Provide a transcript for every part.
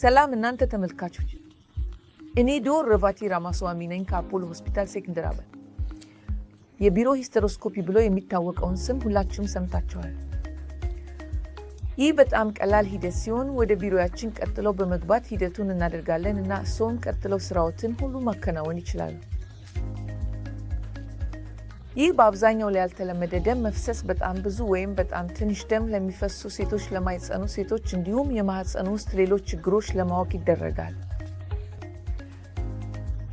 ሰላም እናንተ ተመልካቾች፣ እኔ ዶር ረቫቲ ራማስዋሚ ነኝ ከአፖሎ ሆስፒታል ሴክንድራባድ። የቢሮ ሂስተሮስኮፒ ብሎ የሚታወቀውን ስም ሁላችሁም ሰምታችኋል። ይህ በጣም ቀላል ሂደት ሲሆን ወደ ቢሮያችን ቀጥለው በመግባት ሂደቱን እናደርጋለን እና እርስዎም ቀጥለው ስራዎትን ሁሉ ማከናወን ይችላሉ። ይህ በአብዛኛው ላይ ያልተለመደ ደም መፍሰስ በጣም ብዙ ወይም በጣም ትንሽ ደም ለሚፈሱ ሴቶች፣ ለማይጸኑ ሴቶች እንዲሁም የማህፀን ውስጥ ሌሎች ችግሮች ለማወቅ ይደረጋል።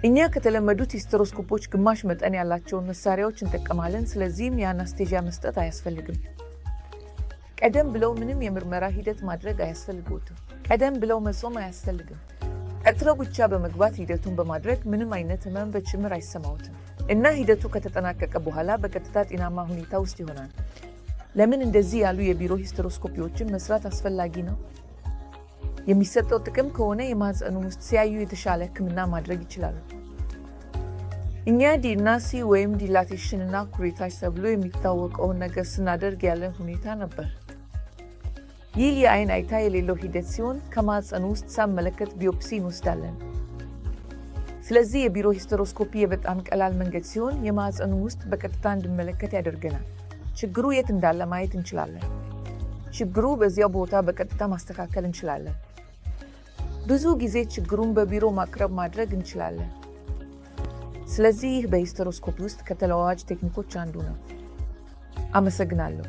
እኛ ከተለመዱት ሂስተሮስኮፖች ግማሽ መጠን ያላቸውን መሳሪያዎች እንጠቀማለን። ስለዚህም የአናስቴዣ መስጠት አያስፈልግም። ቀደም ብለው ምንም የምርመራ ሂደት ማድረግ አያስፈልግዎትም። ቀደም ብለው መጾም አያስፈልግም። ቀጥለው ብቻ በመግባት ሂደቱን በማድረግ ምንም አይነት ህመም በጭምር አይሰማዎትም። እና ሂደቱ ከተጠናቀቀ በኋላ በቀጥታ ጤናማ ሁኔታ ውስጥ ይሆናል። ለምን እንደዚህ ያሉ የቢሮ ሂስተሮስኮፒዎችን መስራት አስፈላጊ ነው? የሚሰጠው ጥቅም ከሆነ የማህፀኑን ውስጥ ሲያዩ የተሻለ ህክምና ማድረግ ይችላሉ። እኛ ዲናሲ ወይም ዲላቴሽን እና ኩሬታች ተብሎ የሚታወቀውን ነገር ስናደርግ ያለን ሁኔታ ነበር። ይህ የአይን አይታ የሌለው ሂደት ሲሆን ከማህፀኑ ውስጥ ሳመለከት ቢዮፕሲ እንወስዳለን። ስለዚህ የቢሮ ሂስተሮስኮፒ የበጣም ቀላል መንገድ ሲሆን የማህፀኑ ውስጥ በቀጥታ እንድመለከት ያደርገናል። ችግሩ የት እንዳለ ማየት እንችላለን። ችግሩ በዚያው ቦታ በቀጥታ ማስተካከል እንችላለን። ብዙ ጊዜ ችግሩን በቢሮ ማቅረብ ማድረግ እንችላለን። ስለዚህ ይህ በሂስተሮስኮፒ ውስጥ ከተለዋዋጭ ቴክኒኮች አንዱ ነው። አመሰግናለሁ።